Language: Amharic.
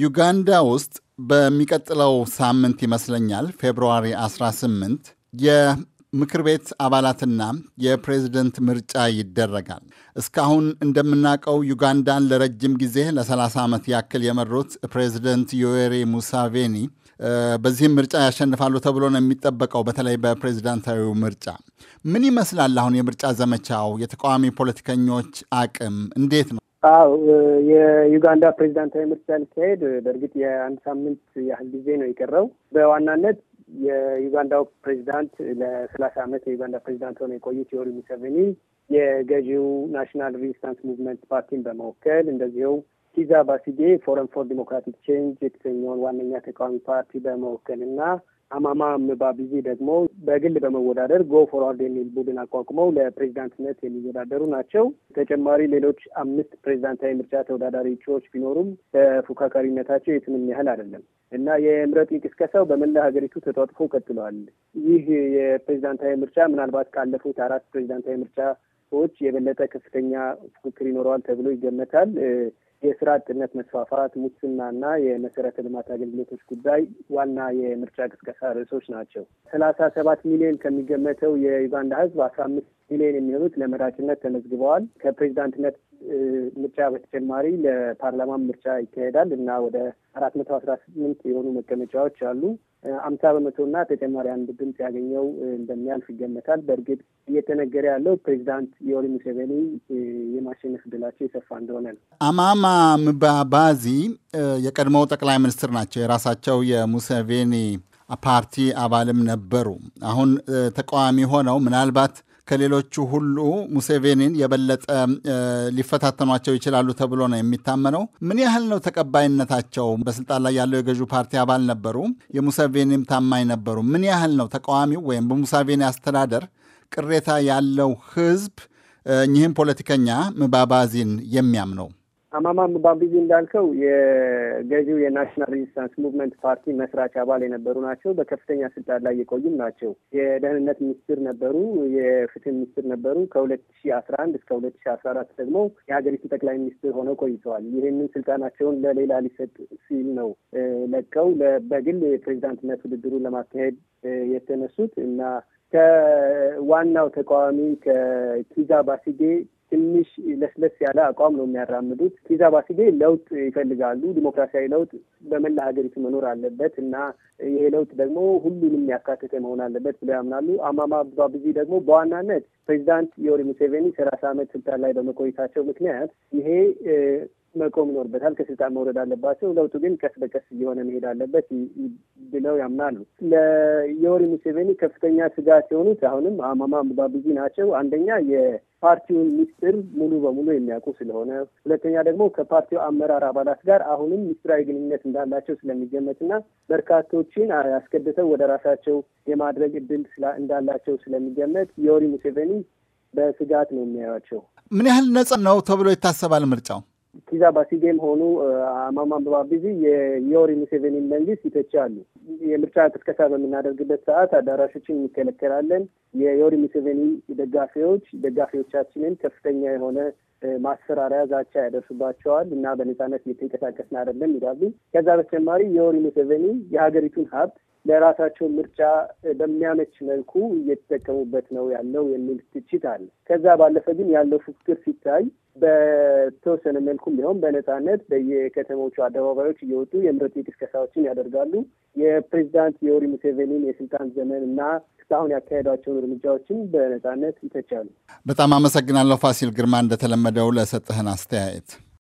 ዩጋንዳ ውስጥ በሚቀጥለው ሳምንት ይመስለኛል ፌብርዋሪ 18 የምክር ቤት አባላትና የፕሬዝደንት ምርጫ ይደረጋል። እስካሁን እንደምናውቀው ዩጋንዳን ለረጅም ጊዜ ለ30 ዓመት ያክል የመሩት ፕሬዝደንት ዮዌሪ ሙሳቬኒ በዚህም ምርጫ ያሸንፋሉ ተብሎ ነው የሚጠበቀው። በተለይ በፕሬዚዳንታዊው ምርጫ ምን ይመስላል? አሁን የምርጫ ዘመቻው የተቃዋሚ ፖለቲከኞች አቅም እንዴት ነው? አው የዩጋንዳ ፕሬዚዳንታዊ ምርጫ ሊካሄድ በእርግጥ የአንድ ሳምንት ያህል ጊዜ ነው የቀረው። በዋናነት የዩጋንዳው ፕሬዚዳንት ለሰላሳ ዓመት የዩጋንዳ ፕሬዚዳንት ሆነው የቆዩት ዮዌሪ ሙሴቬኒ የገዢው ናሽናል ሬዚስታንስ ሙቭመንት ፓርቲን በመወከል እንደዚሁ ኪዛ ባሲዴ ፎረም ፎር ዲሞክራቲክ ቼንጅ የተሰኘውን ዋነኛ ተቃዋሚ ፓርቲ እና አማማ ምባቢዚ ደግሞ በግል በመወዳደር ጎ ፎርዋርድ የሚል ቡድን አቋቁመው ለፕሬዚዳንትነት የሚወዳደሩ ናቸው። ተጨማሪ ሌሎች አምስት ፕሬዚዳንታዊ ምርጫ ተወዳዳሪ እጩዎች ቢኖሩም በፉካካሪነታቸው የትንም ያህል አይደለም እና የምረጥ ቅስቀሳው በመላ ሀገሪቱ ተጧጥፎ ቀጥለዋል። ይህ የፕሬዚዳንታዊ ምርጫ ምናልባት ካለፉት አራት ፕሬዚዳንታዊ ምርጫዎች የበለጠ ከፍተኛ ፉክክር ይኖረዋል ተብሎ ይገመታል። የስራ አጥነት መስፋፋት፣ ሙስናና የመሰረተ ልማት አገልግሎቶች ጉዳይ ዋና የምርጫ ቅስቀሳ ርዕሶች ናቸው። ሰላሳ ሰባት ሚሊዮን ከሚገመተው የዩጋንዳ ህዝብ አስራ አምስት ሚሊዮን የሚሆኑት ለመራጭነት ተመዝግበዋል። ከፕሬዚዳንትነት ምርጫ በተጨማሪ ለፓርላማ ምርጫ ይካሄዳል እና ወደ አራት መቶ አስራ ስምንት የሆኑ መቀመጫዎች አሉ። አምሳ በመቶና ተጨማሪ አንድ ድምፅ ያገኘው እንደሚያልፍ ይገመታል። በእርግጥ እየተነገረ ያለው ፕሬዚዳንት ዮዌሪ ሙሴቬኒ የማሸነፍ እድላቸው የሰፋ እንደሆነ ነው። አማማ ምባባዚ የቀድሞው ጠቅላይ ሚኒስትር ናቸው። የራሳቸው የሙሴቬኒ ፓርቲ አባልም ነበሩ። አሁን ተቃዋሚ ሆነው ምናልባት ከሌሎቹ ሁሉ ሙሴቬኒን የበለጠ ሊፈታተኗቸው ይችላሉ ተብሎ ነው የሚታመነው። ምን ያህል ነው ተቀባይነታቸው? በስልጣን ላይ ያለው የገዢው ፓርቲ አባል ነበሩ፣ የሙሴቬኒም ታማኝ ነበሩ። ምን ያህል ነው ተቃዋሚው ወይም በሙሴቬኒ አስተዳደር ቅሬታ ያለው ህዝብ እኚህም ፖለቲከኛ ምባባዚን የሚያምነው? አማማም ባምቢዚ እንዳልከው የገዢው የናሽናል ሬዚስታንስ ሙቭመንት ፓርቲ መስራች አባል የነበሩ ናቸው። በከፍተኛ ስልጣን ላይ የቆዩም ናቸው። የደህንነት ሚኒስትር ነበሩ፣ የፍትህ ሚኒስትር ነበሩ። ከሁለት ሺ አስራ አንድ እስከ ሁለት ሺ አስራ አራት ደግሞ የሀገሪቱ ጠቅላይ ሚኒስትር ሆነው ቆይተዋል። ይህንን ስልጣናቸውን ለሌላ ሊሰጥ ሲል ነው ለቀው በግል የፕሬዚዳንትነት ውድድሩን ለማካሄድ የተነሱት እና ከዋናው ተቃዋሚ ከኪዛ ባሲጌ ትንሽ ለስለስ ያለ አቋም ነው የሚያራምዱት። ኪዛ ባሲቤ ለውጥ ይፈልጋሉ። ዲሞክራሲያዊ ለውጥ በመላ ሀገሪቱ መኖር አለበት እና ይሄ ለውጥ ደግሞ ሁሉንም ያካተተ መሆን አለበት ብለው ያምናሉ። አማማ ብዙ ደግሞ በዋናነት ፕሬዚዳንት ዮሪ ሙሴቬኒ ሰላሳ ዓመት ስልጣን ላይ በመቆየታቸው ምክንያት ይሄ መቆም ይኖርበታል፣ ከስልጣን መውረድ አለባቸው። ለውጡ ግን ቀስ በቀስ እየሆነ መሄድ አለበት ብለው ያምናሉ። ለዮዌሪ ሙሴቬኒ ከፍተኛ ስጋት የሆኑት አሁንም አማማ ምባብዚ ናቸው። አንደኛ የፓርቲውን ሚስጥር ሙሉ በሙሉ የሚያውቁ ስለሆነ፣ ሁለተኛ ደግሞ ከፓርቲው አመራር አባላት ጋር አሁንም ሚስጥራዊ ግንኙነት እንዳላቸው ስለሚገመትና በርካቶችን አስገድተው ወደ ራሳቸው የማድረግ እድል እንዳላቸው ስለሚገመት ዮዌሪ ሙሴቬኒ በስጋት ነው የሚያያቸው። ምን ያህል ነጻ ነው ተብሎ ይታሰባል ምርጫው? ኢዛ ባሲጌም ሆኑ አማማምባ ቢዚ የዮሪ ሙሴቬኒን መንግስት ይተቻሉ። የምርጫ ቅስቀሳ በምናደርግበት ሰዓት አዳራሾችን እንከለከላለን። የዮሪ ሙሴቬኒ ደጋፊዎች ደጋፊዎቻችንን ከፍተኛ የሆነ ማስፈራሪያ፣ ዛቻ ያደርሱባቸዋል እና በነፃነት እየተንቀሳቀስን አይደለም ይላሉ። ከዛ በተጨማሪ የዮሪ ሙሴቬኒ የሀገሪቱን ሀብት ለራሳቸው ምርጫ በሚያመች መልኩ እየተጠቀሙበት ነው ያለው የሚል ትችት አለ። ከዛ ባለፈ ግን ያለው ፉክክር ሲታይ በተወሰነ መልኩም ቢሆን በነፃነት በየከተሞቹ አደባባዮች እየወጡ የምረጡ ቅስቀሳዎችን ያደርጋሉ። የፕሬዚዳንት ዮሪ ሙሴቬኒን የስልጣን ዘመን እና እስካሁን ያካሄዷቸውን እርምጃዎችን በነፃነት ይተቻሉ። በጣም አመሰግናለሁ ፋሲል ግርማ እንደተለመደው ለሰጠህን አስተያየት።